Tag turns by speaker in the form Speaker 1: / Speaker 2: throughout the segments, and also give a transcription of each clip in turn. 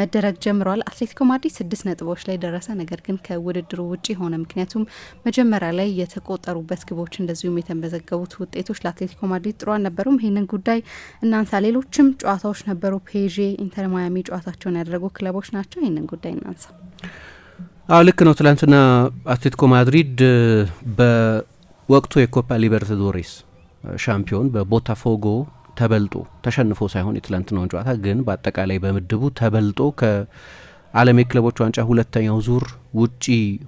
Speaker 1: መደረግ ጀምሯል አትሌቲኮ ማድሪድ ስድስት ነጥቦች ላይ ደረሰ። ነገር ግን ከውድድሩ ውጭ ሆነ። ምክንያቱም መጀመሪያ ላይ የተቆጠሩበት ግቦች እንደዚሁም የተመዘገቡት ውጤቶች ለአትሌቲኮ ማድሪድ ጥሩ አልነበሩም። ይህንን ጉዳይ እናንሳ። ሌሎችም ጨዋታዎች ነበሩ። ፔዤ፣ ኢንተር ማያሚ ጨዋታቸውን ያደረጉ ክለቦች ናቸው። ይህንን ጉዳይ እናንሳ።
Speaker 2: አዎ ልክ ነው። ትላንትና አትሌቲኮ ማድሪድ በወቅቱ የኮፓ ሊበርታዶሬስ ሻምፒዮን በቦታፎጎ ተበልጦ ተሸንፎ ሳይሆን የትላንትናውን ጨዋታ ግን በአጠቃላይ በምድቡ ተበልጦ ከዓለም የክለቦች ዋንጫ ሁለተኛው ዙር ውጪ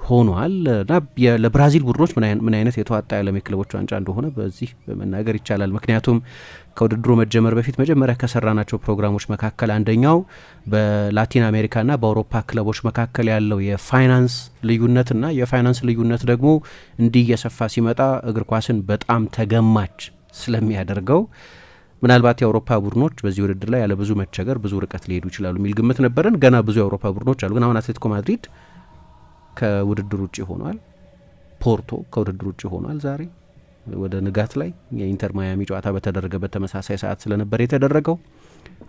Speaker 2: ሆኗል እና ለብራዚል ቡድኖች ምን አይነት የተዋጣ የዓለም የክለቦች ዋንጫ እንደሆነ በዚህ መናገር ይቻላል። ምክንያቱም ከውድድሩ መጀመር በፊት መጀመሪያ ከሰራናቸው ፕሮግራሞች መካከል አንደኛው በላቲን አሜሪካና በአውሮፓ ክለቦች መካከል ያለው የፋይናንስ ልዩነትና የፋይናንስ ልዩነት ደግሞ እንዲህ እየሰፋ ሲመጣ እግር ኳስን በጣም ተገማች ስለሚያደርገው ምናልባት የአውሮፓ ቡድኖች በዚህ ውድድር ላይ ያለ ብዙ መቸገር ብዙ ርቀት ሊሄዱ ይችላሉ የሚል ግምት ነበረን። ገና ብዙ የአውሮፓ ቡድኖች አሉ። ግን አሁን አትሌቲኮ ማድሪድ ከውድድር ውጭ ሆኗል። ፖርቶ ከውድድር ውጭ ሆኗል። ዛሬ ወደ ንጋት ላይ የኢንተር ማያሚ ጨዋታ በተደረገበት ተመሳሳይ ሰዓት ስለነበር የተደረገው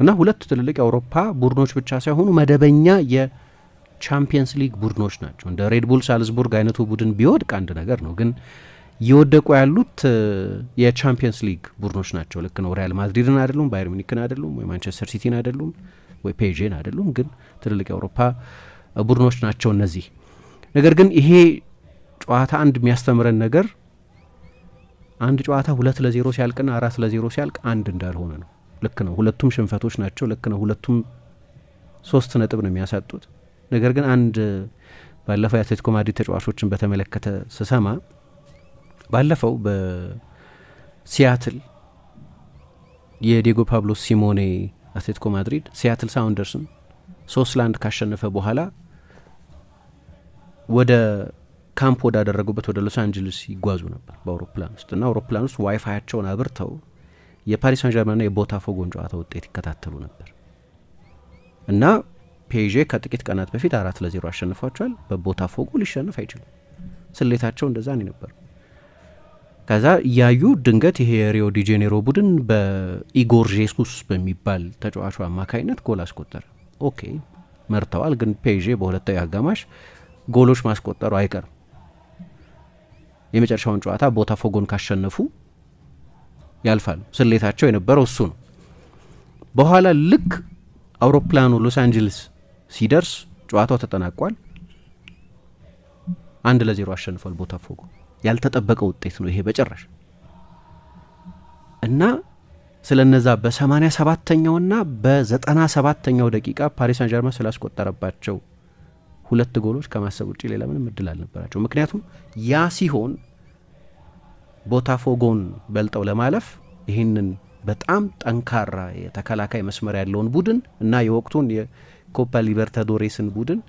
Speaker 2: እና ሁለቱ ትልልቅ የአውሮፓ ቡድኖች ብቻ ሳይሆኑ መደበኛ የቻምፒየንስ ሊግ ቡድኖች ናቸው። እንደ ሬድቡል ሳልዝቡርግ አይነቱ ቡድን ቢወድቅ አንድ ነገር ነው ግን እየወደቁ ያሉት የቻምፒየንስ ሊግ ቡድኖች ናቸው። ልክ ነው። ሪያል ማድሪድን አይደሉም፣ ባየር ሚኒክን አይደሉም፣ ወይ ማንቸስተር ሲቲን አይደሉም፣ ወይ ፔዥን አይደሉም። ግን ትልልቅ የአውሮፓ ቡድኖች ናቸው እነዚህ። ነገር ግን ይሄ ጨዋታ አንድ የሚያስተምረን ነገር አንድ ጨዋታ ሁለት ለዜሮ ሲያልቅና አራት ለዜሮ ሲያልቅ አንድ እንዳልሆነ ነው። ልክ ነው። ሁለቱም ሽንፈቶች ናቸው። ልክ ነው። ሁለቱም ሶስት ነጥብ ነው የሚያሳጡት። ነገር ግን አንድ ባለፈው የአትሌቲኮ ማድሪድ ተጫዋቾችን በተመለከተ ስሰማ ባለፈው በሲያትል የዲጎ ፓብሎ ሲሞኔ አትሌቲኮ ማድሪድ ሲያትል ሳውንደርስን ሶስት ለአንድ ካሸነፈ በኋላ ወደ ካምፕ ወዳደረጉበት ወደ ሎስ አንጀልስ ይጓዙ ነበር በአውሮፕላን ውስጥ እና አውሮፕላን ውስጥ ዋይፋያቸውን አብርተው የፓሪስ ሳን ጀርመንና የቦታፎጎን ጨዋታ ውጤት ይከታተሉ ነበር እና ፔዤ ከጥቂት ቀናት በፊት አራት ለዜሮ አሸንፏቸዋል። በቦታፎጎ ሊሸንፍ አይችልም። ስሌታቸው እንደዛ ነው ነበር። ከዛ እያዩ ድንገት ይሄ የሪዮ ዲጄኔሮ ቡድን በኢጎር ዤሱስ በሚባል ተጫዋቹ አማካኝነት ጎል አስቆጠረ። ኦኬ መርተዋል፣ ግን ፔዤ በሁለታዊ አጋማሽ ጎሎች ማስቆጠሩ አይቀርም። የመጨረሻውን ጨዋታ ቦታፎጎን ካሸነፉ ያልፋል። ስሌታቸው የነበረው እሱ ነው። በኋላ ልክ አውሮፕላኑ ሎስ አንጀልስ ሲደርስ ጨዋታው ተጠናቋል። አንድ ለዜሮ አሸንፏል ቦታፎጎ። ያልተጠበቀ ውጤት ነው ይሄ በጭራሽ እና ስለ እነዛ በሰማኒያ ሰባተኛውና በዘጠና ሰባተኛው ደቂቃ ፓሪስ ሳን ጀርማ ስላስቆጠረባቸው ሁለት ጎሎች ከማሰብ ውጭ ሌላ ምንም እድል አልነበራቸው። ምክንያቱም ያ ሲሆን ቦታፎጎን በልጠው ለማለፍ ይህንን በጣም ጠንካራ የተከላካይ መስመር ያለውን ቡድን እና የወቅቱን የኮፓ ሊበርታዶሬስን ቡድን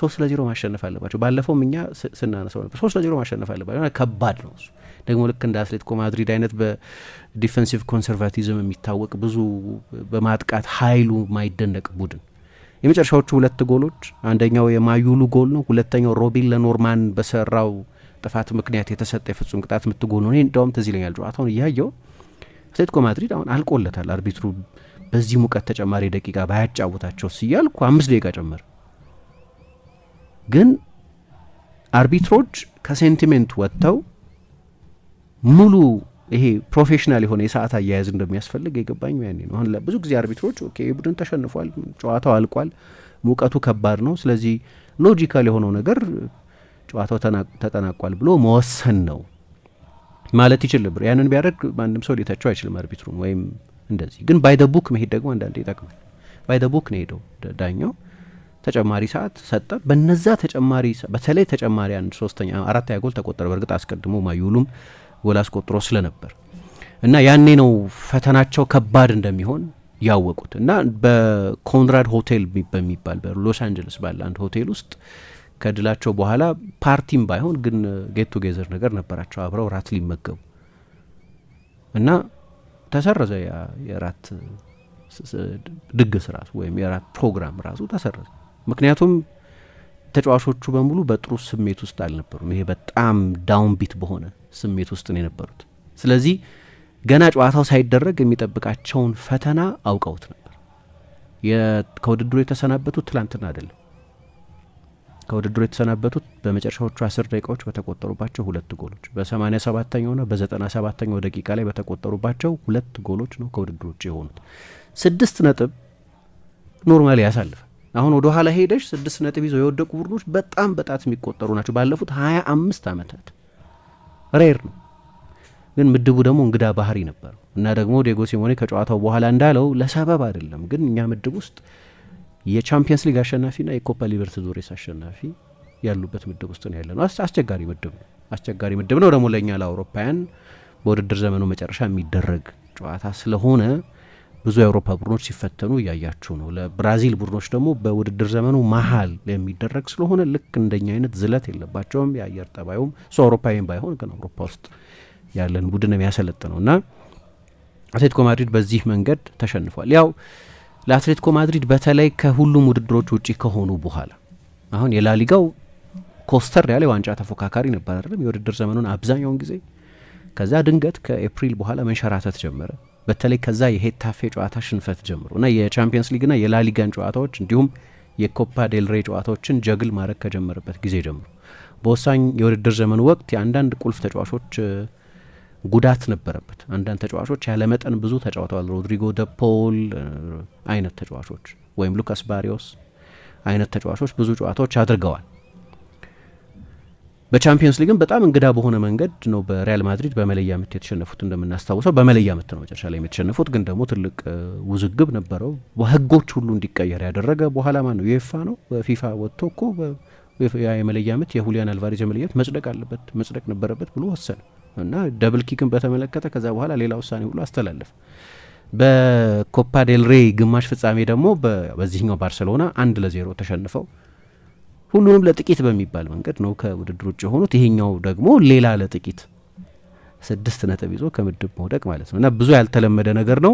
Speaker 2: ሶስት ለዜሮ ማሸነፍ አለባቸው። ባለፈውም እኛ ስናነሰው ነበር። ሶስት ለዜሮ ማሸነፍ አለባቸው። ከባድ ነው እሱ ደግሞ ልክ እንደ አትሌቲኮ ማድሪድ አይነት በዲፌንሲቭ ኮንሰርቫቲዝም የሚታወቅ ብዙ በማጥቃት ኃይሉ ማይደነቅ ቡድን የመጨረሻዎቹ ሁለት ጎሎች አንደኛው የማዩሉ ጎል ነው። ሁለተኛው ሮቢን ለኖርማን በሰራው ጥፋት ምክንያት የተሰጠ የፍጹም ቅጣት ምት ጎል ነው። እኔ እንዳውም ትዝ ይለኛል ጨዋታውን እያየው አትሌቲኮ ማድሪድ አሁን አልቆለታል። አርቢትሩ በዚህ ሙቀት ተጨማሪ ደቂቃ ባያጫውታቸው ስያልኩ አምስት ደቂቃ ጨመር ግን አርቢትሮች ከሴንቲሜንት ወጥተው ሙሉ ይሄ ፕሮፌሽናል የሆነ የሰዓት አያያዝ እንደሚያስፈልግ የገባኝ ያኔ ነው። አሁን ብዙ ጊዜ አርቢትሮች ኦኬ ቡድን ተሸንፏል፣ ጨዋታው አልቋል፣ ሙቀቱ ከባድ ነው፣ ስለዚህ ሎጂካል የሆነው ነገር ጨዋታው ተጠናቋል ብሎ መወሰን ነው ማለት ይችል ነበር። ያንን ቢያደርግ ማንም ሰው ሊተቸው አይችልም አርቢትሩን ወይም እንደዚህ። ግን ባይ ደ ቡክ መሄድ ደግሞ አንዳንዴ ይጠቅማል። ባይ ደ ቡክ ነው ሄደው ዳኛው ተጨማሪ ሰዓት ሰጠ። በነዛ ተጨማሪ በተለይ ተጨማሪ አንድ ሶስተኛ አራተኛ ጎል ተቆጠረ። በእርግጥ አስቀድሞ ማዩሉም ጎል አስቆጥሮ ስለነበር እና ያኔ ነው ፈተናቸው ከባድ እንደሚሆን ያወቁት እና በኮንራድ ሆቴል በሚባል በሎስ አንጀለስ ባለ አንድ ሆቴል ውስጥ ከድላቸው በኋላ ፓርቲም ባይሆን ግን ጌት ቱጌዘር ነገር ነበራቸው። አብረው ራት ሊመገቡ እና ተሰረዘ የራት ድግስ ራሱ ወይም የራት ፕሮግራም ራሱ ተሰረዘ። ምክንያቱም ተጫዋቾቹ በሙሉ በጥሩ ስሜት ውስጥ አልነበሩም። ይሄ በጣም ዳውን ቢት በሆነ ስሜት ውስጥ ነው የነበሩት። ስለዚህ ገና ጨዋታው ሳይደረግ የሚጠብቃቸውን ፈተና አውቀውት ነበር። ከውድድሩ የተሰናበቱት ትላንትና አይደለም። ከውድድሩ የተሰናበቱት በመጨረሻዎቹ አስር ደቂቃዎች በተቆጠሩባቸው ሁለት ጎሎች በሰማኒያ ሰባተኛው ና በዘጠና ሰባተኛው ደቂቃ ላይ በተቆጠሩባቸው ሁለት ጎሎች ነው ከውድድሮች የሆኑት። ስድስት ነጥብ ኖርማሊ ያሳልፋል አሁን ወደ ኋላ ሄደሽ ስድስት ነጥብ ይዘው የወደቁ ቡድኖች በጣም በጣት የሚቆጠሩ ናቸው። ባለፉት ሀያ አምስት ዓመታት ሬር ነው። ግን ምድቡ ደግሞ እንግዳ ባህሪ ነበር እና ደግሞ ዴጎ ሲሞኔ ከጨዋታው በኋላ እንዳለው ለሰበብ አይደለም፣ ግን እኛ ምድብ ውስጥ የቻምፒየንስ ሊግ አሸናፊና የኮፓ ሊበርታዶሬስ አሸናፊ ያሉበት ምድብ ውስጥ ነው ያለ ነው። አስቸጋሪ ምድብ ነው። አስቸጋሪ ምድብ ነው ደግሞ ለእኛ ለአውሮፓውያን በውድድር ዘመኑ መጨረሻ የሚደረግ ጨዋታ ስለሆነ ብዙ የአውሮፓ ቡድኖች ሲፈተኑ እያያችሁ ነው። ለብራዚል ቡድኖች ደግሞ በውድድር ዘመኑ መሀል የሚደረግ ስለሆነ ልክ እንደኛ አይነት ዝለት የለባቸውም። የአየር ጠባዩም እሱ አውሮፓዊም ባይሆን ግን አውሮፓ ውስጥ ያለን ቡድን ነው እና አትሌቲኮ ማድሪድ በዚህ መንገድ ተሸንፏል። ያው ለአትሌቲኮ ማድሪድ በተለይ ከሁሉም ውድድሮች ውጪ ከሆኑ በኋላ አሁን የላሊጋው ኮስተር ያለ የዋንጫ ተፎካካሪ ነበር አይደለም የውድድር ዘመኑን አብዛኛውን ጊዜ ከዚያ ድንገት ከኤፕሪል በኋላ መንሸራተት ጀመረ። በተለይ ከዛ የሄታፌ ጨዋታ ሽንፈት ጀምሮ እና የቻምፒየንስ ሊግና የላሊጋን ጨዋታዎች እንዲሁም የኮፓ ዴልሬ ጨዋታዎችን ጀግል ማድረግ ከጀመረበት ጊዜ ጀምሮ በወሳኝ የውድድር ዘመን ወቅት የአንዳንድ ቁልፍ ተጫዋቾች ጉዳት ነበረበት። አንዳንድ ተጫዋቾች ያለመጠን ብዙ ተጫውተዋል። ሮድሪጎ ደፖል አይነት ተጫዋቾች ወይም ሉካስ ባሪዮስ አይነት ተጫዋቾች ብዙ ጨዋታዎች አድርገዋል። በቻምፒየንስ ሊግም በጣም እንግዳ በሆነ መንገድ ነው በሪያል ማድሪድ በመለያ ምት የተሸነፉት። እንደምናስታውሰው በመለያ ምት ነው መጨረሻ ላይ የተሸነፉት፣ ግን ደግሞ ትልቅ ውዝግብ ነበረው። ህጎች ሁሉ እንዲቀየር ያደረገ በኋላ ማን ነው ዩኤፋ ነው በፊፋ ወጥቶ እኮ የመለያ ምት የሁሊያን አልቫሬዝ የመለያ ምት መጽደቅ አለበት መጽደቅ ነበረበት ብሎ ወሰነ እና ደብል ኪክን በተመለከተ ከዛ በኋላ ሌላ ውሳኔ ሁሉ አስተላለፈ። በኮፓ ዴልሬ ግማሽ ፍጻሜ ደግሞ በዚህኛው ባርሴሎና አንድ ለዜሮ ተሸንፈው ሁሉንም ለጥቂት በሚባል መንገድ ነው ከውድድር ውጭ የሆኑት። ይሄኛው ደግሞ ሌላ ለጥቂት ስድስት ነጥብ ይዞ ከምድብ መውደቅ ማለት ነው እና ብዙ ያልተለመደ ነገር ነው።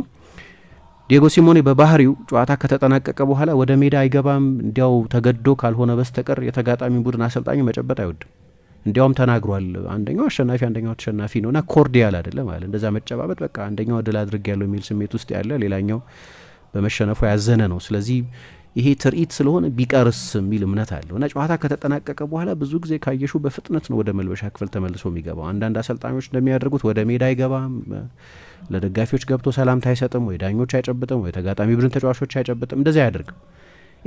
Speaker 2: ዲየጎ ሲሞኔ በባህሪው ጨዋታ ከተጠናቀቀ በኋላ ወደ ሜዳ አይገባም። እንዲያው ተገዶ ካልሆነ በስተቀር የተጋጣሚ ቡድን አሰልጣኙ መጨበጥ አይወድም። እንዲያውም ተናግሯል። አንደኛው አሸናፊ አንደኛው ተሸናፊ እና ኮርዲያል አይደለም አለ። እንደዛ መጨባበጥ፣ በቃ አንደኛው ድል አድርግ ያለው የሚል ስሜት ውስጥ ያለ ሌላኛው በመሸነፉ ያዘነ ነው። ስለዚህ ይሄ ትርኢት ስለሆነ ቢቀርስ የሚል እምነት አለው እና ጨዋታ ከተጠናቀቀ በኋላ ብዙ ጊዜ ካየሹ በፍጥነት ነው ወደ መልበሻ ክፍል ተመልሶ የሚገባው። አንዳንድ አሰልጣኞች እንደሚያደርጉት ወደ ሜዳ አይገባም፣ ለደጋፊዎች ገብቶ ሰላምታ አይሰጥም፣ ወይ ዳኞች አይጨብጥም፣ ወይ ተጋጣሚ ቡድን ተጫዋቾች አይጨብጥም። እንደዚህ አያደርግም።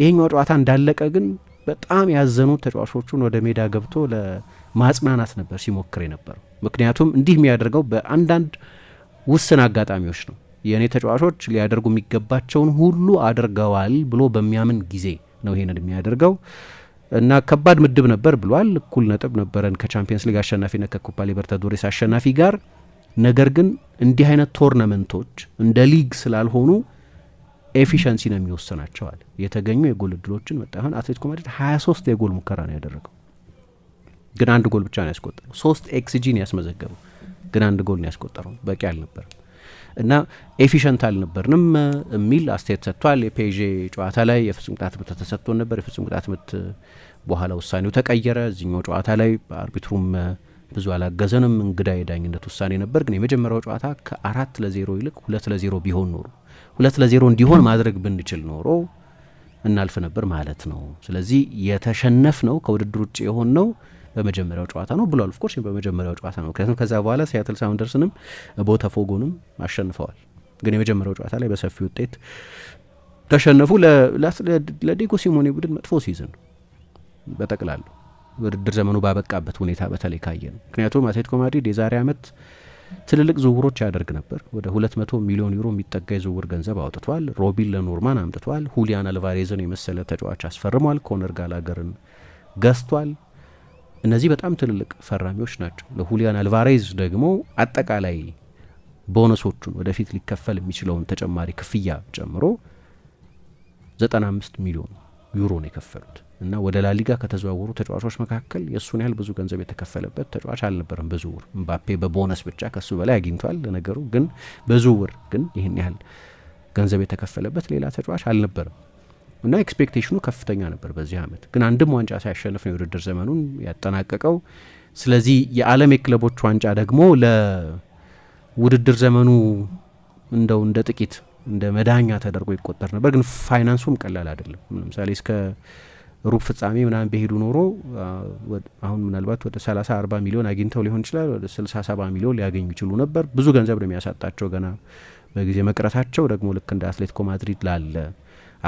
Speaker 2: ይሄኛው ጨዋታ እንዳለቀ ግን በጣም ያዘኑት ተጫዋቾቹን ወደ ሜዳ ገብቶ ለማጽናናት ነበር ሲሞክር የነበረው። ምክንያቱም እንዲህ የሚያደርገው በአንዳንድ ውስን አጋጣሚዎች ነው የእኔ ተጫዋቾች ሊያደርጉ የሚገባቸውን ሁሉ አድርገዋል ብሎ በሚያምን ጊዜ ነው ይሄንን የሚያደርገው እና ከባድ ምድብ ነበር ብሏል። እኩል ነጥብ ነበረን ከቻምፒየንስ ሊግ አሸናፊና ከኩፓ ሊበርታዶሬስ አሸናፊ ጋር። ነገር ግን እንዲህ አይነት ቶርናመንቶች እንደ ሊግ ስላልሆኑ ኤፊሽንሲ ነው የሚወሰናቸዋል የተገኙ የጎል እድሎችን መጣሁን አትሌቲኮ ማድሪድ 23 የጎል ሙከራ ነው ያደረገው፣ ግን አንድ ጎል ብቻ ነው ያስቆጠረው። ሶስት ኤክስጂ ነው ያስመዘገበው፣ ግን አንድ ጎል ነው ያስቆጠረው። በቂ አልነበረም። እና ኤፊሸንት አልነበርንም የሚል አስተያየት ሰጥቷል። የፔዤ ጨዋታ ላይ የፍጹም ቅጣት ምት ተሰጥቶን ነበር። የፍጹም ቅጣት ምት በኋላ ውሳኔው ተቀየረ። እዚኛው ጨዋታ ላይ አርቢትሩም ብዙ አላገዘንም። እንግዳ የዳኝነት ውሳኔ ነበር። ግን የመጀመሪያው ጨዋታ ከአራት ለዜሮ ይልቅ ሁለት ለዜሮ ቢሆን ኖሮ ሁለት ለዜሮ እንዲሆን ማድረግ ብንችል ኖሮ እናልፍ ነበር ማለት ነው። ስለዚህ የተሸነፍ ነው ከውድድር ውጭ የሆን ነው በመጀመሪያው ጨዋታ ነው ብሏል። ኦፍኮርስ በመጀመሪያው ጨዋታ ነው፣ ምክንያቱም ከዛ በኋላ ሲያትል ሳውንደርስንም ቦታፎጎንም አሸንፈዋል። ግን የመጀመሪያው ጨዋታ ላይ በሰፊ ውጤት ተሸነፉ። ለዲጎ ሲሞኔ ቡድን መጥፎ ሲዝን በጠቅላሉ ውድድር ዘመኑ ባበቃበት ሁኔታ በተለይ ካየ ነው። ምክንያቱም አትሌቲኮ ማድሪድ የዛሬ ዓመት ትልልቅ ዝውውሮች ያደርግ ነበር። ወደ 200 ሚሊዮን ዩሮ የሚጠጋ የዝውውር ገንዘብ አውጥቷል። ሮቢን ለኖርማን አምጥቷል። ሁሊያን አልቫሬዝን የመሰለ ተጫዋች አስፈርሟል። ኮነር ጋላገርን ገዝቷል። እነዚህ በጣም ትልልቅ ፈራሚዎች ናቸው። ለሁሊያን አልቫሬዝ ደግሞ አጠቃላይ ቦነሶቹን ወደፊት ሊከፈል የሚችለውን ተጨማሪ ክፍያ ጨምሮ 95 ሚሊዮን ዩሮ ነው የከፈሉት እና ወደ ላሊጋ ከተዘዋወሩ ተጫዋቾች መካከል የእሱን ያህል ብዙ ገንዘብ የተከፈለበት ተጫዋች አልነበረም በዝውውር እምባፔ በቦነስ ብቻ ከሱ በላይ አግኝቷል። ለነገሩ ግን በዝውውር ግን ይህን ያህል ገንዘብ የተከፈለበት ሌላ ተጫዋች አልነበረም። እና ኤክስፔክቴሽኑ ከፍተኛ ነበር። በዚህ አመት ግን አንድም ዋንጫ ሳያሸንፍ ነው የውድድር ዘመኑን ያጠናቀቀው። ስለዚህ የአለም የክለቦች ዋንጫ ደግሞ ለውድድር ዘመኑ እንደው እንደ ጥቂት እንደ መዳኛ ተደርጎ ይቆጠር ነበር። ግን ፋይናንሱም ቀላል አይደለም። ለምሳሌ እስከ ሩብ ፍጻሜ ምናምን በሄዱ ኖሮ አሁን ምናልባት ወደ 30 40 ሚሊዮን አግኝተው ሊሆን ይችላል። ወደ 60 70 ሚሊዮን ሊያገኙ ይችሉ ነበር። ብዙ ገንዘብ ነው የሚያሳጣቸው ገና በጊዜ መቅረታቸው ደግሞ ልክ እንደ አትሌቲኮ ማድሪድ ላለ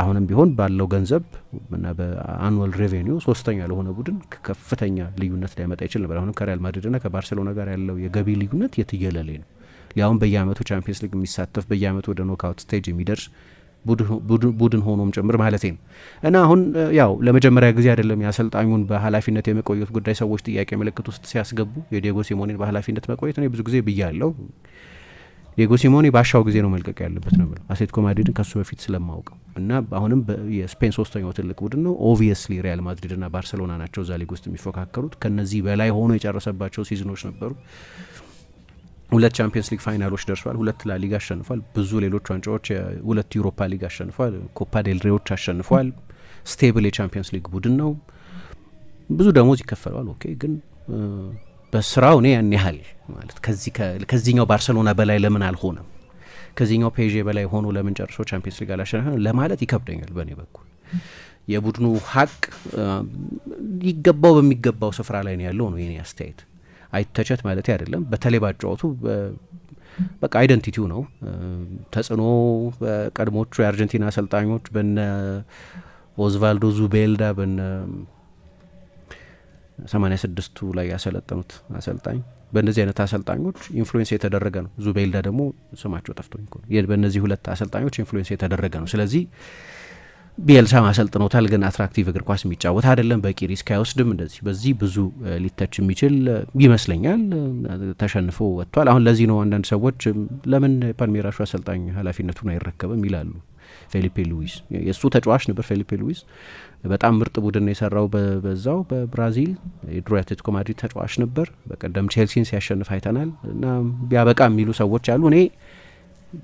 Speaker 2: አሁንም ቢሆን ባለው ገንዘብ እና በአኑዋል ሬቬኒው ሶስተኛ ለሆነ ቡድን ከፍተኛ ልዩነት ሊያመጣ ይችል ነበር። አሁንም ከሪያል ማድሪድና ከባርሴሎና ጋር ያለው የገቢ ልዩነት የትየለሌ ነው። ሊያውም በየአመቱ ቻምፒየንስ ሊግ የሚሳተፍ በየአመቱ ወደ ኖክአውት ስቴጅ የሚደርስ ቡድን ሆኖም ጭምር ማለት ነው እና አሁን ያው ለመጀመሪያ ጊዜ አይደለም የአሰልጣኙን በኃላፊነት የመቆየት ጉዳይ ሰዎች ጥያቄ ምልክት ውስጥ ሲያስገቡ የዲጎ ሲሞኔን በኃላፊነት መቆየት ነው ብዙ ጊዜ ብያለው። ዲየጎ ሲሞኔ ባሻው ጊዜ ነው መልቀቅ ያለበት ነው ብለው አትሌቲኮ ማድሪድን ከሱ በፊት ስለማውቀው እና አሁንም የስፔን ሶስተኛው ትልቅ ቡድን ነው። ኦቪየስሊ ሪያል ማድሪድና ባርሰሎና ናቸው እዛ ሊግ ውስጥ የሚፎካከሩት። ከነዚህ በላይ ሆኖ የጨረሰባቸው ሲዝኖች ነበሩ። ሁለት ቻምፒየንስ ሊግ ፋይናሎች ደርሷል። ሁለት ላሊጋ አሸንፏል። ብዙ ሌሎች ዋንጫዎች፣ ሁለት ዩሮፓ ሊግ አሸንፏል። ኮፓ ዴልሬዎች አሸንፏል። ስቴብል የቻምፒየንስ ሊግ ቡድን ነው። ብዙ ደሞዝ ይከፈለዋል። ኦኬ ግን በስራው እኔ ያን ያህል ማለት ከዚህኛው ባርሰሎና በላይ ለምን አልሆነም፣ ከዚህኛው ፔዤ በላይ ሆኖ ለምን ጨርሶ ቻምፒየንስ ሊግ አላሸነፈም ለማለት ይከብደኛል። በእኔ በኩል የቡድኑ ሀቅ ይገባው በሚገባው ስፍራ ላይ ነው ያለው ነው የኔ አስተያየት። አይተቸት ማለት አይደለም። በተለይ ባጫወቱ በቃ አይደንቲቲው ነው ተጽዕኖ በቀድሞቹ የአርጀንቲና አሰልጣኞች በነ ኦዝቫልዶ ዙቤልዳ በነ ሰማኒያ ስድስቱ ላይ ያሰለጠኑት አሰልጣኝ በእነዚህ አይነት አሰልጣኞች ኢንፍሉዌንስ የተደረገ ነው። ዙቤልዳ ደግሞ ስማቸው ጠፍቶኝ በእነዚህ ሁለት አሰልጣኞች ኢንፍሉዌንስ የተደረገ ነው። ስለዚህ ቢኤልሳ አሰልጥኖታል፣ ግን አትራክቲቭ እግር ኳስ የሚጫወት አይደለም፣ በቂ ሪስክ አይወስድም። እንደዚህ በዚህ ብዙ ሊተች የሚችል ይመስለኛል። ተሸንፎ ወጥቷል። አሁን ለዚህ ነው አንዳንድ ሰዎች ለምን ፓልሜራሹ አሰልጣኝ ኃላፊነቱን አይረከብም ይላሉ። ፌሊፔ ሉዊስ የእሱ ተጫዋች ነበር። ፌሊፔ ሉዊስ በጣም ምርጥ ቡድን የሰራው። በዛው በብራዚል የድሮ አትሌቲኮ ማድሪድ ተጫዋች ነበር። በቀደም ቼልሲን ሲያሸንፍ አይተናል። እና ቢያበቃ የሚሉ ሰዎች አሉ። እኔ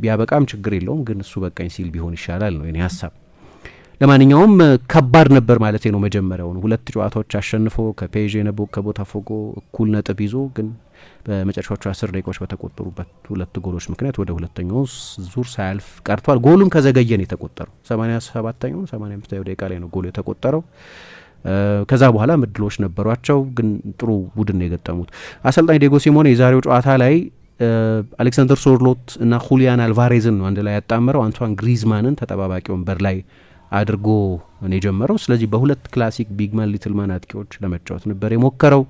Speaker 2: ቢያበቃም ችግር የለውም፣ ግን እሱ በቃኝ ሲል ቢሆን ይሻላል ነው የኔ ሀሳብ። ለማንኛውም ከባድ ነበር ማለት ነው መጀመሪያውን ሁለት ጨዋታዎች አሸንፎ ከፔዥ ነቦ ከቦታፎጎ እኩል ነጥብ ይዞ ግን በመጨረሻዎቹ አስር ደቂቃዎች በተቆጠሩበት ሁለት ጎሎች ምክንያት ወደ ሁለተኛው ዙር ሳያልፍ ቀርቷል። ጎሉም ከዘገየ ነው የተቆጠረው። ሰማኒያ ሰባተኛው ሰማኒያ አምስተኛው ደቂቃ ላይ ነው ጎሉ የተቆጠረው። ከዛ በኋላ ምድሎች ነበሯቸው፣ ግን ጥሩ ቡድን ነው የገጠሙት። አሰልጣኝ ዴጎ ሲሞኔ የዛሬው ጨዋታ ላይ አሌክሳንደር ሶርሎት እና ሁሊያን አልቫሬዝን ነው አንድ ላይ ያጣመረው። አንቷን ግሪዝማንን ተጠባባቂ ወንበር ላይ አድርጎ ነው የጀመረው። ስለዚህ በሁለት ክላሲክ ቢግማን ሊትልማን አጥቂዎች ለመጫወት ነበር የሞከረው።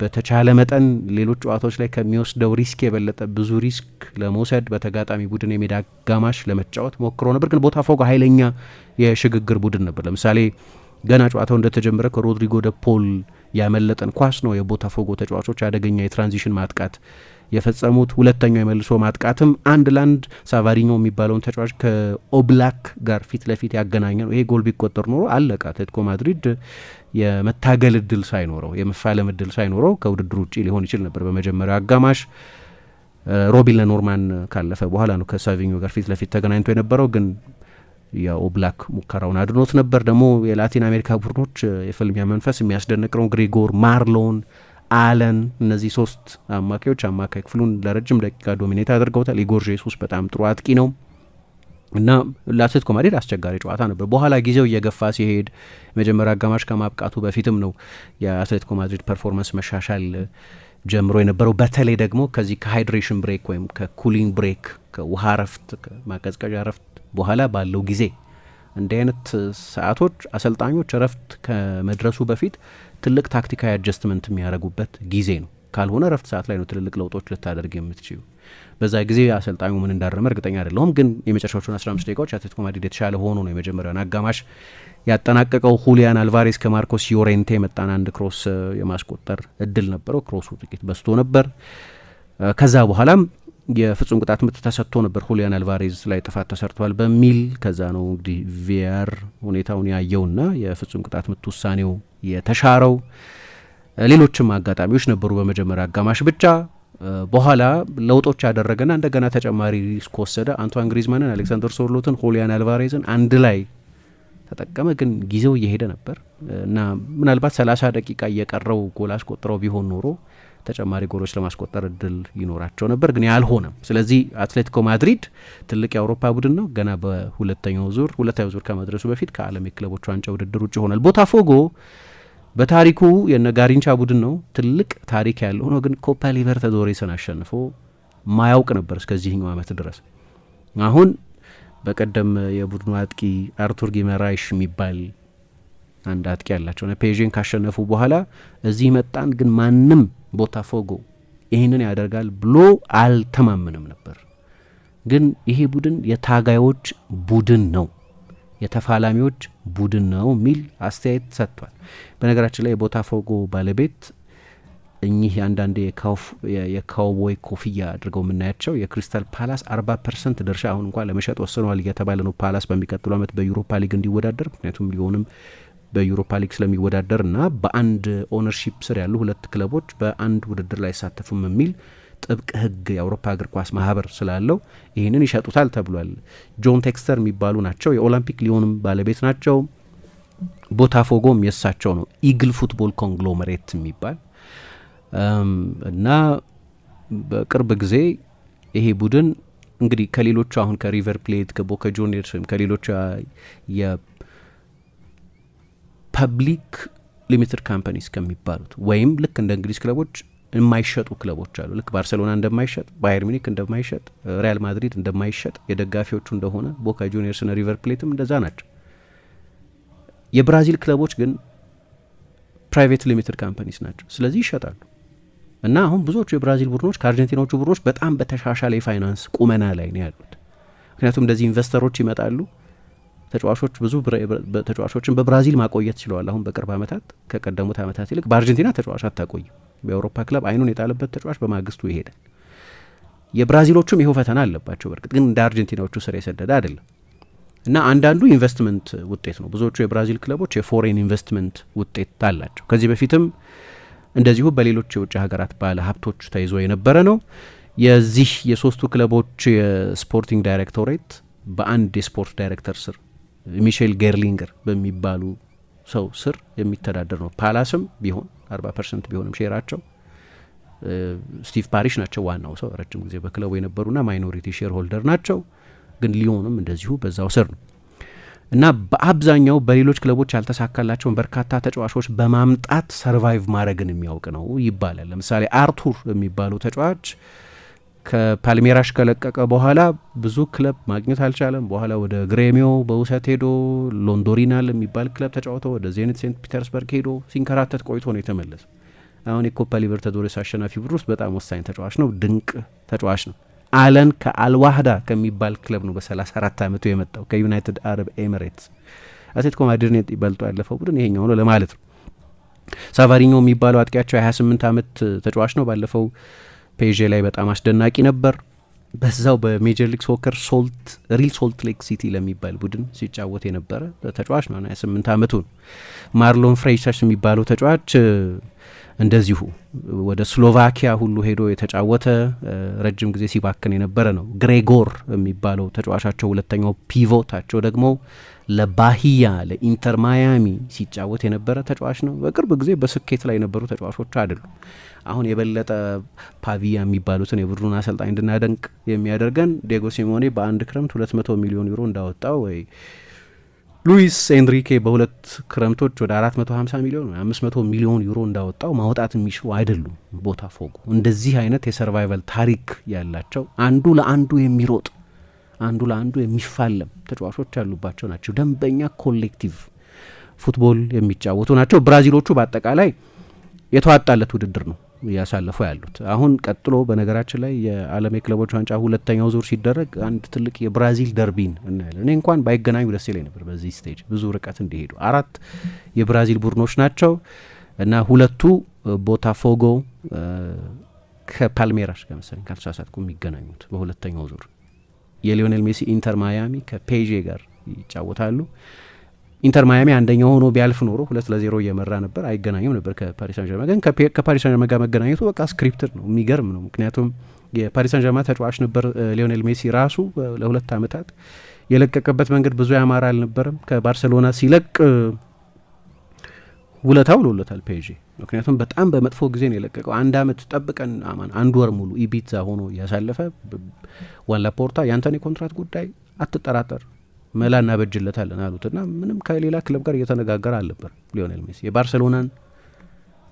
Speaker 2: በተቻለ መጠን ሌሎች ጨዋታዎች ላይ ከሚወስደው ሪስክ የበለጠ ብዙ ሪስክ ለመውሰድ በተጋጣሚ ቡድን የሜዳ አጋማሽ ለመጫወት ሞክሮ ነበር። ግን ቦታፎጎ ኃይለኛ የሽግግር ቡድን ነበር። ለምሳሌ ገና ጨዋታው እንደተጀመረ ከሮድሪጎ ደ ፖል ያመለጠን ኳስ ነው የቦታፎጎ ተጫዋቾች አደገኛ የትራንዚሽን ማጥቃት የፈጸሙት። ሁለተኛው የመልሶ ማጥቃትም አንድ ለአንድ ሳቫሪኞ የሚባለውን ተጫዋች ከኦብላክ ጋር ፊት ለፊት ያገናኘ ነው። ይሄ ጎል ቢቆጠር ኖሮ አለቀ። አትሌቲኮ ማድሪድ የመታገል እድል ሳይኖረው የመፋለም እድል ሳይኖረው ከውድድር ውጭ ሊሆን ይችል ነበር። በመጀመሪያው አጋማሽ ሮቢን ለኖርማን ካለፈ በኋላ ነው ከሳቪኞ ጋር ፊት ለፊት ተገናኝቶ የነበረው ግን የኦብላክ ሙከራውን አድኖት ነበር። ደግሞ የላቲን አሜሪካ ቡድኖች የፍልሚያ መንፈስ የሚያስደንቅ ነው። ግሪጎር ማርሎን አለን። እነዚህ ሶስት አማካዮች አማካይ ክፍሉን ለረጅም ደቂቃ ዶሚኔት አድርገውታል። ኢጎር ጄሱስ በጣም ጥሩ አጥቂ ነው እና ለአትሌቲኮ ማድሪድ አስቸጋሪ ጨዋታ ነበር። በኋላ ጊዜው እየገፋ ሲሄድ የመጀመሪያ አጋማሽ ከማብቃቱ በፊትም ነው የአትሌቲኮ ማድሪድ ፐርፎርማንስ መሻሻል ጀምሮ የነበረው በተለይ ደግሞ ከዚህ ከሃይድሬሽን ብሬክ ወይም ከኩሊንግ ብሬክ ከውሃ ረፍት ከማቀዝቀዣ ረፍት በኋላ ባለው ጊዜ እንዲህ አይነት ሰዓቶች አሰልጣኞች ረፍት ከመድረሱ በፊት ትልቅ ታክቲካዊ አጀስትመንት የሚያደርጉበት ጊዜ ነው። ካልሆነ ረፍት ሰዓት ላይ ነው ትልልቅ ለውጦች ልታደርግ የምትችዩ። በዛ ጊዜ አሰልጣኙ ምን እንዳረመ እርግጠኛ አይደለሁም፣ ግን የመጨረሻዎቹን 15 ደቂቃዎች አትሌቲኮ ማድሪድ የተሻለ ሆኖ ነው የመጀመሪያውን አጋማሽ ያጠናቀቀው። ሁሊያን አልቫሬስ ከማርኮስ ዮሬንቴ የመጣን አንድ ክሮስ የማስቆጠር እድል ነበረው። ክሮሱ ጥቂት በስቶ ነበር። ከዛ በኋላም የፍጹም ቅጣት ምት ተሰጥቶ ነበር ሁሊያን አልቫሬዝ ላይ ጥፋት ተሰርቷል በሚል ከዛ ነው እንግዲህ ቪያር ሁኔታውን ያየውና የፍጹም ቅጣት ምት ውሳኔው የተሻረው። ሌሎችም አጋጣሚዎች ነበሩ በመጀመሪያ አጋማሽ ብቻ። በኋላ ለውጦች ያደረገና እንደገና ተጨማሪ ሪስክ ወሰደ። አንቷን ግሪዝማንን፣ አሌክሳንደር ሶርሎትን፣ ሆሊያን አልቫሬዝን አንድ ላይ ተጠቀመ። ግን ጊዜው እየሄደ ነበር እና ምናልባት ሰላሳ ደቂቃ እየቀረው ጎል አስቆጥረው ቢሆን ኖሮ ተጨማሪ ጎሎች ለማስቆጠር እድል ይኖራቸው ነበር፣ ግን ያልሆነም። ስለዚህ አትሌቲኮ ማድሪድ ትልቅ የአውሮፓ ቡድን ነው። ገና በሁለተኛው ዙር ሁለተኛው ዙር ከመድረሱ በፊት ከዓለም የክለቦች ዋንጫ ውድድር ውጭ ይሆናል። ቦታፎጎ በታሪኩ የነጋሪንቻ ቡድን ነው፣ ትልቅ ታሪክ ያለው ሆኖ ግን ኮፓ ሊበርታዶሬስን አሸንፎ ማያውቅ ነበር እስከዚህኛው ዓመት ድረስ። አሁን በቀደም የቡድኑ አጥቂ አርቱር ጊመራይሽ የሚባል አንድ አጥቂ ያላቸው ፔዥን ካሸነፉ በኋላ እዚህ መጣን፣ ግን ማንም ቦታፎጎ ይህንን ያደርጋል ብሎ አልተማመንም ነበር። ግን ይሄ ቡድን የታጋዮች ቡድን ነው። የተፋላሚዎች ቡድን ነው የሚል አስተያየት ሰጥቷል። በነገራችን ላይ የቦታፎጎ ባለቤት እኚህ አንዳንድ የካውቦይ ኮፍያ አድርገው የምናያቸው የክሪስታል ፓላስ አርባ ፐርሰንት ድርሻ አሁን እንኳን ለመሸጥ ወስነዋል እየተባለ ነው። ፓላስ በሚቀጥሉ ዓመት በዩሮፓ ሊግ እንዲወዳደር ምክንያቱም ሊሆንም በዩሮፓ ሊግ ስለሚወዳደር እና በአንድ ኦነርሺፕ ስር ያሉ ሁለት ክለቦች በአንድ ውድድር ላይ አይሳተፉም የሚል ጥብቅ ህግ የአውሮፓ እግር ኳስ ማህበር ስላለው ይህንን ይሸጡታል ተብሏል። ጆን ቴክስተር የሚባሉ ናቸው። የኦሎምፒክ ሊዮንም ባለቤት ናቸው። ቦታፎጎም የእሳቸው ነው። ኢግል ፉትቦል ኮንግሎመሬት የሚባል እና በቅርብ ጊዜ ይሄ ቡድን እንግዲህ ከሌሎቹ አሁን ከሪቨር ፕሌት ከቦካ ጁኒየርስ ወይም ከሌሎቹ የፐብሊክ ሊሚትድ ካምፓኒስ ከሚባሉት ወይም ልክ እንደ እንግሊዝ ክለቦች የማይሸጡ ክለቦች አሉ። ልክ ባርሴሎና እንደማይሸጥ፣ ባየር ሚኒክ እንደማይሸጥ፣ ሪያል ማድሪድ እንደማይሸጥ የደጋፊዎቹ እንደሆነ ቦካ ጁኒየርስና ሪቨር ፕሌትም እንደዛ ናቸው። የብራዚል ክለቦች ግን ፕራይቬት ሊሚትድ ካምፓኒስ ናቸው። ስለዚህ ይሸጣሉ እና አሁን ብዙዎቹ የብራዚል ቡድኖች ከአርጀንቲናዎቹ ቡድኖች በጣም በተሻሻለ የፋይናንስ ቁመና ላይ ነው ያሉት። ምክንያቱም እንደዚህ ኢንቨስተሮች ይመጣሉ። ተጫዋቾች ብዙ ተጫዋቾችን በብራዚል ማቆየት ችለዋል። አሁን በቅርብ ዓመታት ከቀደሙት ዓመታት ይልቅ በአርጀንቲና ተጫዋች አታቆይም። በአውሮፓ ክለብ አይኑን የጣለበት ተጫዋች በማግስቱ ይሄዳል። የብራዚሎቹም ይኸው ፈተና አለባቸው። በእርግጥ ግን እንደ አርጀንቲናዎቹ ስር የሰደደ አይደለም እና አንዳንዱ ኢንቨስትመንት ውጤት ነው። ብዙዎቹ የብራዚል ክለቦች የፎሬን ኢንቨስትመንት ውጤት አላቸው። ከዚህ በፊትም እንደዚሁ በሌሎች የውጭ ሀገራት ባለ ሀብቶች ተይዞ የነበረ ነው። የዚህ የሶስቱ ክለቦች የስፖርቲንግ ዳይሬክቶሬት በአንድ የስፖርት ዳይሬክተር ስር ሚሼል ጌርሊንገር በሚባሉ ሰው ስር የሚተዳደር ነው። ፓላስም ቢሆን 40 ፐርሰንት ቢሆንም ሼራቸው ስቲቭ ፓሪሽ ናቸው ዋናው ሰው ረጅም ጊዜ በክለቡ የነበሩና ማይኖሪቲ ሼር ሆልደር ናቸው። ግን ሊዮንም እንደዚሁ በዛው ስር ነው እና በአብዛኛው በሌሎች ክለቦች ያልተሳካላቸውን በርካታ ተጫዋቾች በማምጣት ሰርቫይቭ ማድረግን የሚያውቅ ነው ይባላል። ለምሳሌ አርቱር የሚባለው ተጫዋች ከፓልሜራሽ ከለቀቀ በኋላ ብዙ ክለብ ማግኘት አልቻለም። በኋላ ወደ ግሬሚዮ በውሰት ሄዶ ሎንዶሪናል የሚባል ክለብ ተጫውቶ ወደ ዜኒት ሴንት ፒተርስበርግ ሄዶ ሲንከራተት ቆይቶ ነው የተመለሰ አሁን የኮፓ ሊበርታዶሬስ አሸናፊ ቡድን ውስጥ በጣም ወሳኝ ተጫዋች ነው። ድንቅ ተጫዋች ነው። አለን ከአልዋህዳ ከሚባል ክለብ ነው በ34 ዓመቱ የመጣው ከዩናይትድ አረብ ኤሚሬትስ። አትሌቲኮ ማድሪድን ይበልጦ ያለፈው ቡድን ይሄኛው ነው ለማለት ነው። ሳቫሪኞ የሚባለው አጥቂያቸው የ28 ዓመት ተጫዋች ነው ባለፈው ፔዤ ላይ በጣም አስደናቂ ነበር። በዛው በሜጀር ሊግ ሶከር ሶልት ሪል ሶልት ሌክ ሲቲ ለሚባል ቡድን ሲጫወት የነበረ ተጫዋች ነው። 28 አመቱ ነው። ማርሎን ፍሬሻሽ የሚባለው ተጫዋች እንደዚሁ ወደ ስሎቫኪያ ሁሉ ሄዶ የተጫወተ ረጅም ጊዜ ሲባክን የነበረ ነው። ግሬጎር የሚባለው ተጫዋቻቸው ሁለተኛው ፒቮታቸው ደግሞ ለባሂያ ለኢንተር ማያሚ ሲጫወት የነበረ ተጫዋች ነው። በቅርብ ጊዜ በስኬት ላይ የነበሩ ተጫዋቾች አይደሉም። አሁን የበለጠ ፓቪያ የሚባሉትን የቡድኑን አሰልጣኝ እንድናደንቅ የሚያደርገን ዴጎ ሲሞኔ በአንድ ክረምት ሁለት መቶ ሚሊዮን ዩሮ እንዳወጣው ወይ ሉዊስ ኤንሪኬ በሁለት ክረምቶች ወደ 450 ሚሊዮን 500 ሚሊዮን ዩሮ እንዳወጣው ማውጣት የሚችሉ አይደሉም። ቦታ ፎጉ እንደዚህ አይነት የሰርቫይቫል ታሪክ ያላቸው አንዱ ለአንዱ የሚሮጥ አንዱ ለአንዱ የሚፋለም ተጫዋቾች ያሉባቸው ናቸው። ደንበኛ ኮሌክቲቭ ፉትቦል የሚጫወቱ ናቸው። ብራዚሎቹ በአጠቃላይ የተዋጣለት ውድድር ነው እያሳለፉ ያሉት። አሁን ቀጥሎ በነገራችን ላይ የዓለም የክለቦች ዋንጫ ሁለተኛው ዙር ሲደረግ አንድ ትልቅ የብራዚል ደርቢን እናያለን። እኔ እንኳን ባይገናኙ ደስ ይለኝ ነበር በዚህ ስቴጅ ብዙ ርቀት እንዲሄዱ። አራት የብራዚል ቡድኖች ናቸው እና ሁለቱ ቦታፎጎ ከፓልሜራስ ጋር መሰለኝ ካልተሳሳትኩ የሚገናኙት በሁለተኛው ዙር የሊዮኔል ሜሲ ኢንተር ማያሚ ከፔዤ ጋር ይጫወታሉ። ኢንተር ማያሚ አንደኛ ሆኖ ቢያልፍ ኖሮ ሁለት ለዜሮ እየመራ ነበር፣ አይገናኙም ነበር ከፓሪስ ጀርማ። ግን ከፓሪስ ጀርማ ጋር መገናኘቱ በቃ ስክሪፕትድ ነው፣ የሚገርም ነው። ምክንያቱም የፓሪስ ጀርማ ተጫዋች ነበር ሊዮኔል ሜሲ ራሱ ለሁለት ዓመታት የለቀቀበት መንገድ ብዙ ያማረ አልነበረም። ከባርሴሎና ሲለቅ ውለታ ውሎለታል ፔዤ። ምክንያቱም በጣም በመጥፎ ጊዜ ነው የለቀቀው። አንድ አመት ጠብቀን አማን አንድ ወር ሙሉ ኢቢዛ ሆኖ ያሳለፈ ዋን ላፖርታ የአንተን የኮንትራት ጉዳይ አትጠራጠር መላ እናበጅለታለን እና ምንም ከሌላ ክለብ ጋር እየተነጋገረ አልነበር ሊዮኔል ሜሲ። የባርሴሎናን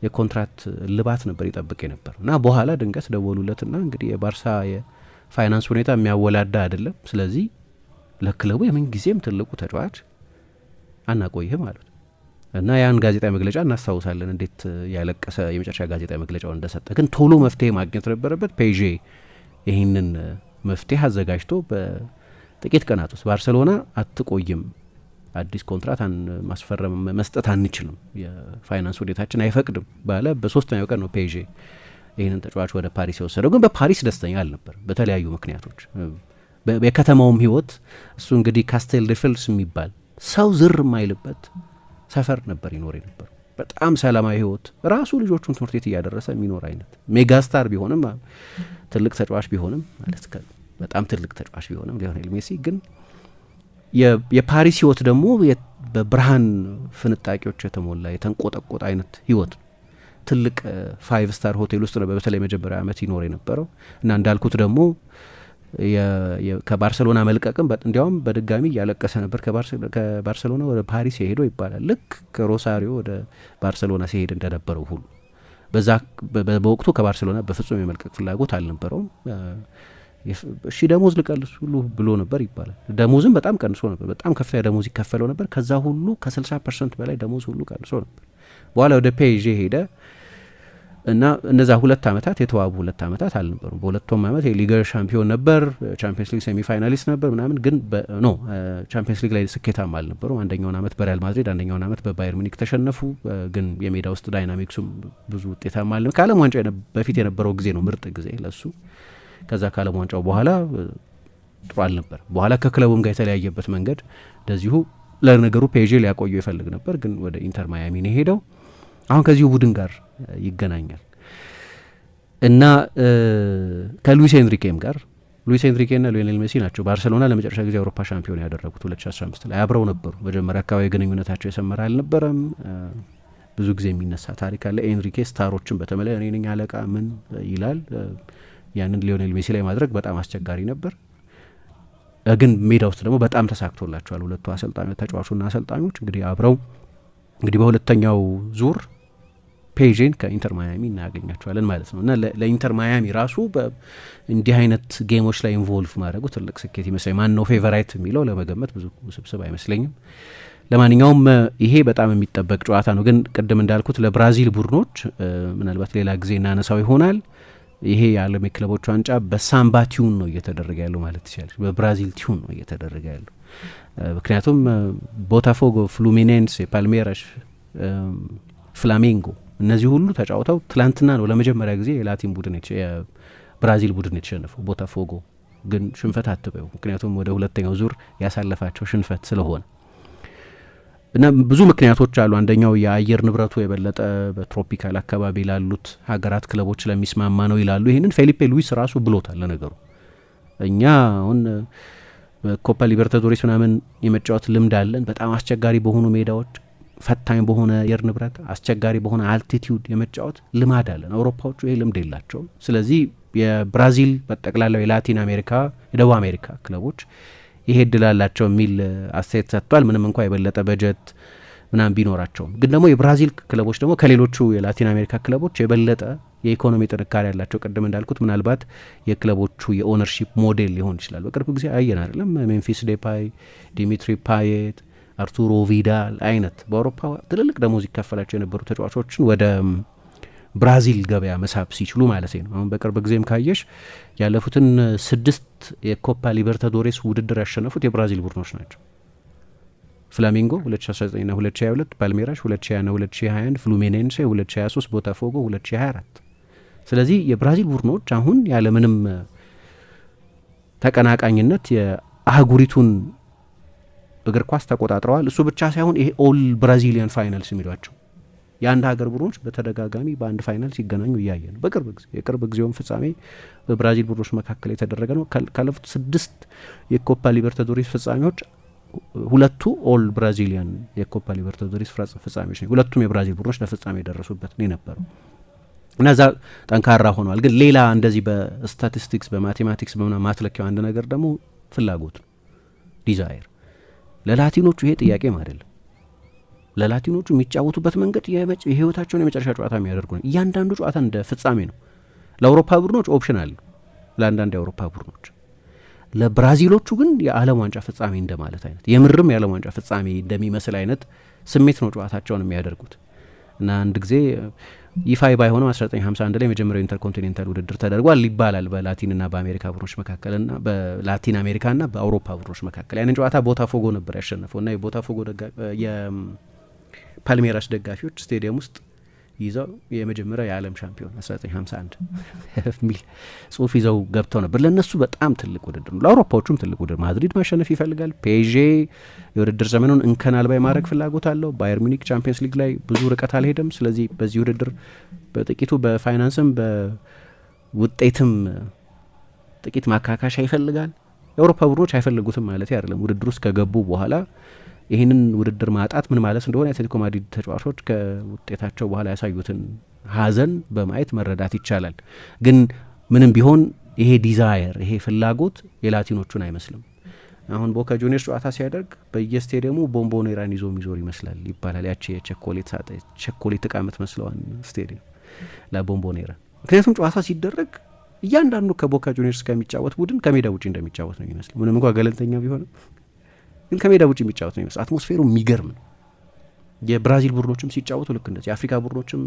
Speaker 2: የኮንትራት ልባት ነበር ይጠብቅ ነበር እና በኋላ ድንገት ደወሉለትና እንግዲህ የባርሳ የፋይናንስ ሁኔታ የሚያወላዳ አይደለም፣ ስለዚህ ለክለቡ የምንጊዜም ጊዜም ትልቁ ተጫዋች አናቆይህም አሉት እና ያን ጋዜጣዊ መግለጫ እናስታውሳለን። እንዴት ያለቀሰ የመጨረሻ ጋዜጣዊ መግለጫውን እንደሰጠ ግን ቶሎ መፍትሄ ማግኘት ነበረበት። ፔዤ ይህንን መፍትሄ አዘጋጅቶ ጥቂት ቀናት ውስጥ ባርሴሎና አትቆይም፣ አዲስ ኮንትራት ማስፈረም መስጠት አንችልም፣ የፋይናንስ ሁኔታችን አይፈቅድም ባለ በሶስተኛው ቀን ነው ፔዤ ይህንን ተጫዋች ወደ ፓሪስ የወሰደው። ግን በፓሪስ ደስተኛ አልነበር በተለያዩ ምክንያቶች። የከተማውም ህይወት እሱ እንግዲህ ካስቴል ዴፍልስ የሚባል ሰው ዝር የማይልበት ሰፈር ነበር ይኖር ነበር። በጣም ሰላማዊ ህይወት ራሱ ልጆቹን ትምህርት ቤት እያደረሰ የሚኖር አይነት ሜጋስታር ቢሆንም ትልቅ ተጫዋች ቢሆንም ማለት በጣም ትልቅ ተጫዋች ቢሆንም ሊዮኔል ሜሲ ግን የፓሪስ ህይወት ደግሞ በብርሃን ፍንጣቂዎች የተሞላ የተንቆጠቆጠ አይነት ህይወት ትልቅ ፋይቭ ስታር ሆቴል ውስጥ ነው በተለይ መጀመሪያ ዓመት ይኖር የነበረው እና እንዳልኩት ደግሞ ከባርሰሎና መልቀቅም እንዲያውም በድጋሚ እያለቀሰ ነበር። ከባርሰሎና ወደ ፓሪስ የሄደው ይባላል ልክ ከሮሳሪዮ ወደ ባርሰሎና ሲሄድ እንደነበረው ሁሉ በዛ በወቅቱ ከባርሰሎና በፍጹም የመልቀቅ ፍላጎት አልነበረውም። እሺ ደሞዝ ልቀንስ ሁሉ ብሎ ነበር ይባላል። ደሞዝም በጣም ቀንሶ ነበር። በጣም ከፍተኛ ደሞዝ ይከፈለው ነበር። ከዛ ሁሉ ከ60 ፐርሰንት በላይ ደሞዝ ሁሉ ቀንሶ ነበር። በኋላ ወደ ፔዥ ሄደ እና እነዛ ሁለት ዓመታት የተዋቡ ሁለት ዓመታት አልነበሩም። በሁለቱም ዓመት የሊገ ሻምፒዮን ነበር፣ ቻምፒየንስ ሊግ ሴሚፋይናሊስት ነበር ምናምን። ግን ኖ ቻምፒየንስ ሊግ ላይ ስኬታም አልነበሩም። አንደኛውን ዓመት በሪያል ማድሪድ፣ አንደኛውን ዓመት በባየር ሚኒክ ተሸነፉ። ግን የሜዳ ውስጥ ዳይናሚክሱም ብዙ ውጤታም አለ ከዓለም ዋንጫ በፊት የነበረው ጊዜ ነው ምርጥ ጊዜ ለሱ ከዛ ከዓለም ዋንጫው በኋላ ጥሩ አልነበር። በኋላ ከክለቡም ጋር የተለያየበት መንገድ እንደዚሁ ለነገሩ ፔጅ ሊያቆዩ ይፈልግ ነበር፣ ግን ወደ ኢንተር ማያሚ ነው የሄደው። አሁን ከዚሁ ቡድን ጋር ይገናኛል እና ከሉዊስ ሄንሪኬም ጋር ሉዊስ ና ሊዮኔል ሜሲ ናቸው ባርሰሎና ለመጨረሻ ጊዜ አውሮፓ ሻምፒዮን ያደረጉት 2015 ላይ አብረው ነበሩ። መጀመሪያ አካባቢ ግንኙነታቸው የሰመረ አልነበረም። ብዙ ጊዜ የሚነሳ ታሪክ አለ። ኤንሪኬ ስታሮችን በተመለ እኔ ነኝ አለቃ ምን ይላል ያንን ሊዮኔል ሜሲ ላይ ማድረግ በጣም አስቸጋሪ ነበር። ግን ሜዳ ውስጥ ደግሞ በጣም ተሳክቶላቸዋል። ሁለቱ አሰልጣኞች ተጫዋቹና አሰልጣኞች እንግዲህ አብረው እንግዲህ በሁለተኛው ዙር ፔዥን ከኢንተር ማያሚ እናገኛቸዋለን ማለት ነው እና ለኢንተር ማያሚ ራሱ እንዲህ አይነት ጌሞች ላይ ኢንቮልቭ ማድረጉ ትልቅ ስኬት ይመስለኝ። ማን ነው ፌቨራይት የሚለው ለመገመት ብዙ ውስብስብ አይመስለኝም። ለማንኛውም ይሄ በጣም የሚጠበቅ ጨዋታ ነው። ግን ቅድም እንዳልኩት ለብራዚል ቡድኖች ምናልባት ሌላ ጊዜ እናነሳው ይሆናል። ይሄ የዓለም የክለቦች ዋንጫ በሳምባ ቲዩን ነው እየተደረገ ያለው ማለት ይቻላል። በብራዚል ቲዩን ነው እየተደረገ ያለው። ምክንያቱም ቦታፎጎ፣ ፍሉሚኔንስ፣ ፓልሜራሽ፣ ፍላሜንጎ እነዚህ ሁሉ ተጫውተው ትላንትና ነው ለመጀመሪያ ጊዜ የላቲን ቡድን የብራዚል ቡድን የተሸነፈው። ቦታፎጎ ግን ሽንፈት አትበው ምክንያቱም ወደ ሁለተኛው ዙር ያሳለፋቸው ሽንፈት ስለሆነ እና ብዙ ምክንያቶች አሉ። አንደኛው የአየር ንብረቱ የበለጠ በትሮፒካል አካባቢ ላሉት ሀገራት ክለቦች ለሚስማማ ነው ይላሉ። ይህንን ፌሊፔ ሉዊስ ራሱ ብሎታል። ለነገሩ እኛ አሁን በኮፓ ሊበርታዶሬስ ምናምን የመጫወት ልምድ አለን። በጣም አስቸጋሪ በሆኑ ሜዳዎች፣ ፈታኝ በሆነ አየር ንብረት፣ አስቸጋሪ በሆነ አልቲቲዩድ የመጫወት ልማድ አለን። አውሮፓዎቹ ይሄ ልምድ የላቸውም። ስለዚህ የብራዚል በጠቅላላው የላቲን አሜሪካ፣ የደቡብ አሜሪካ ክለቦች ይሄ እድል አላቸው የሚል አስተያየት ሰጥቷል። ምንም እንኳ የበለጠ በጀት ምናምን ቢኖራቸውም ግን ደግሞ የብራዚል ክለቦች ደግሞ ከሌሎቹ የላቲን አሜሪካ ክለቦች የበለጠ የኢኮኖሚ ጥንካሬ ያላቸው ቅድም እንዳልኩት ምናልባት የክለቦቹ የኦነርሺፕ ሞዴል ሊሆን ይችላል። በቅርብ ጊዜ አየን አይደለም ሜምፊስ ዴፓይ፣ ዲሚትሪ ፓየት፣ አርቱሮ ቪዳል አይነት በአውሮፓ ትልልቅ ደሞዝ ይከፈላቸው የነበሩ ተጫዋቾችን ወደ ብራዚል ገበያ መሳብ ሲችሉ ማለት ነው። አሁን በቅርብ ጊዜም ካየሽ ያለፉትን ስድስት የኮፓ ሊበርታዶሬስ ውድድር ያሸነፉት የብራዚል ቡድኖች ናቸው። ፍላሚንጎ 2019ና 2022፣ ፓልሜራሽ 2020ና 2021፣ ፍሉሜኔንሴ 2023፣ ቦታፎጎ 2024። ስለዚህ የብራዚል ቡድኖች አሁን ያለምንም ተቀናቃኝነት የአህጉሪቱን እግር ኳስ ተቆጣጥረዋል። እሱ ብቻ ሳይሆን ይሄ ኦል ብራዚሊያን ፋይናልስ የሚሏቸው የአንድ ሀገር ቡድኖች በተደጋጋሚ በአንድ ፋይናል ሲገናኙ እያየ ነው። በቅርብ ጊዜ የቅርብ ጊዜውን ፍጻሜ በብራዚል ቡድኖች መካከል የተደረገ ነው። ካለፉት ስድስት የኮፓ ሊበርታዶሪስ ፍጻሜዎች ሁለቱ ኦል ብራዚሊያን የኮፓ ሊበርታዶሪስ ፍጻሜዎች ነው። ሁለቱም የብራዚል ቡድኖች ለፍጻሜ የደረሱበት ነው የነበረው እና እዛ ጠንካራ ሆኗል። ግን ሌላ እንደዚህ በስታቲስቲክስ በማቴማቲክስ በምና ማትለኪያው አንድ ነገር ደግሞ ፍላጎት ነው ዲዛይር ለላቲኖቹ ይሄ ጥያቄም አይደለም። ለላቲኖቹ የሚጫወቱበት መንገድ የህይወታቸውን የመጨረሻ ጨዋታ የሚያደርጉ ነው። እያንዳንዱ ጨዋታ እንደ ፍጻሜ ነው። ለአውሮፓ ቡድኖች ኦፕሽን አለው፣ ለአንዳንድ የአውሮፓ ቡድኖች። ለብራዚሎቹ ግን የዓለም ዋንጫ ፍጻሜ እንደማለት አይነት የምርም የዓለም ዋንጫ ፍጻሜ እንደሚመስል አይነት ስሜት ነው ጨዋታቸውን የሚያደርጉት እና አንድ ጊዜ ይፋ ባይሆነው 1951 ላይ የመጀመሪያው ኢንተርኮንቲኔንታል ውድድር ተደርጓል ይባላል በላቲንና በአሜሪካ ቡድኖች መካከልና በላቲን አሜሪካና በአውሮፓ ቡድኖች መካከል ያንን ጨዋታ ቦታፎጎ ነበር ያሸነፈው እና የቦታፎጎ ፓልሜራስ ደጋፊዎች ስቴዲየም ውስጥ ይዘው የመጀመሪያው የዓለም ሻምፒዮን 1951 የሚል ጽሁፍ ይዘው ገብተው ነበር። ለእነሱ በጣም ትልቅ ውድድር ነው፣ ለአውሮፓዎቹም ትልቅ ውድድር። ማድሪድ ማሸነፍ ይፈልጋል። ፔዤ የውድድር ዘመኑን እንከን አልባ የማድረግ ፍላጎት አለው። ባየር ሚኒክ ቻምፒየንስ ሊግ ላይ ብዙ ርቀት አልሄደም። ስለዚህ በዚህ ውድድር በጥቂቱ በፋይናንስም በውጤትም ጥቂት ማካካሻ ይፈልጋል። የአውሮፓ ቡድኖች አይፈልጉትም ማለት አይደለም። ውድድር ውስጥ ከገቡ በኋላ ይህንን ውድድር ማጣት ምን ማለት እንደሆነ የአትሌቲኮ ማድሪድ ተጫዋቾች ከውጤታቸው በኋላ ያሳዩትን ሀዘን በማየት መረዳት ይቻላል። ግን ምንም ቢሆን ይሄ ዲዛየር ይሄ ፍላጎት የላቲኖቹን አይመስልም። አሁን ቦካ ጁኒየርስ ጨዋታ ሲያደርግ በየስቴዲየሙ ቦምቦኔራን ይዞ የሚዞር ይመስላል ይባላል። ያቺ የቸኮሌት ሳጠ ቸኮሌት እቃ የምትመስለዋን ስቴዲየም ለቦምቦኔራ። ምክንያቱም ጨዋታ ሲደረግ እያንዳንዱ ከቦካ ጁኒየርስ ከሚጫወት ቡድን ከሜዳ ውጭ እንደሚጫወት ነው የሚመስለው ምንም እንኳ ገለልተኛ ቢሆንም ግን ከሜዳ ውጭ የሚጫወት ነው ይመስል አትሞስፌሩ የሚገርም ነው። የብራዚል ቡድኖችም ሲጫወቱ ልክ እንደዚህ የአፍሪካ ቡድኖችም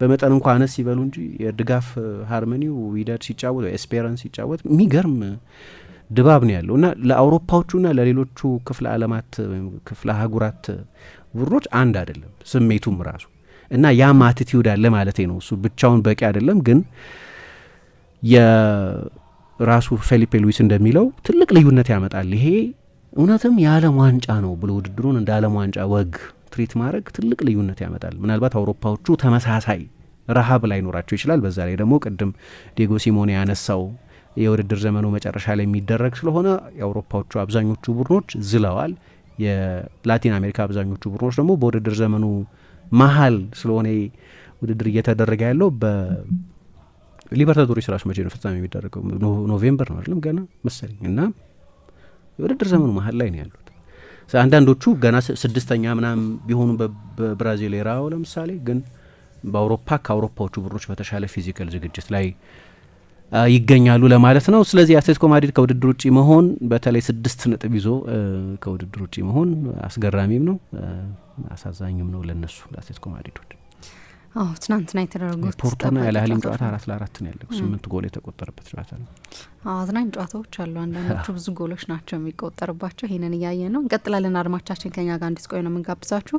Speaker 2: በመጠን እንኳ አነስ ሲበሉ እንጂ የድጋፍ ሃርመኒው ዊደድ ሲጫወት ኤስፔራንስ ሲጫወት የሚገርም ድባብ ነው ያለው እና ለአውሮፓዎቹና ለሌሎቹ ክፍለ ዓለማት ወይም ክፍለ አህጉራት ቡድኖች አንድ አይደለም ስሜቱም ራሱ እና ያም አትቲዩድ አለ ማለት ነው። እሱ ብቻውን በቂ አይደለም ግን የራሱ ፌሊፔ ሉዊስ እንደሚለው ትልቅ ልዩነት ያመጣል ይሄ እውነትም የዓለም ዋንጫ ነው ብሎ ውድድሩን እንደ ዓለም ዋንጫ ወግ ትሪት ማድረግ ትልቅ ልዩነት ያመጣል። ምናልባት አውሮፓዎቹ ተመሳሳይ ረሃብ ላይኖራቸው ይችላል። በዛ ላይ ደግሞ ቅድም ዲየጎ ሲሞኔ ያነሳው የውድድር ዘመኑ መጨረሻ ላይ የሚደረግ ስለሆነ የአውሮፓዎቹ አብዛኞቹ ቡድኖች ዝለዋል። የላቲን አሜሪካ አብዛኞቹ ቡድኖች ደግሞ በውድድር ዘመኑ መሀል ስለሆነ ውድድር እየተደረገ ያለው በሊበርታዶሪ ስራሽ መቼ ነው ፍጻሜ የሚደረገው? ኖቬምበር ነው አይደለም? ገና መሰለኝ እና የውድድር ዘመኑ መሀል ላይ ነው ያሉት። አንዳንዶቹ ገና ስድስተኛ ምናም ቢሆኑ በብራዚሌራው ለምሳሌ ግን በአውሮፓ ከአውሮፓዎቹ ቡድኖች በተሻለ ፊዚካል ዝግጅት ላይ ይገኛሉ ለማለት
Speaker 1: ነው። ስለዚህ አትሌቲኮ ማድሪድ
Speaker 2: ከውድድር ውጭ መሆን በተለይ ስድስት ነጥብ ይዞ ከውድድር
Speaker 1: ውጭ መሆን አስገራሚም ነው አሳዛኝም ነው ለነሱ ለአትሌቲኮ ማድሪዶች። አዎ ትናንትና የተደረጉት ፖርቶና ያለህሊም ጨዋታ አራት ለአራት ነው ያለው። ስምንት ጎል የተቆጠረበት ጨዋታ ነው። አዎ አዝናኝ ጨዋታዎች አሉ። አንዳንዶቹ ብዙ ጎሎች ናቸው የሚቆጠርባቸው። ይህንን እያየ ነው። እንቀጥላለን። አድማቻችን ከኛ ጋር እንዲስቆዩ ነው የምንጋብዛችሁ።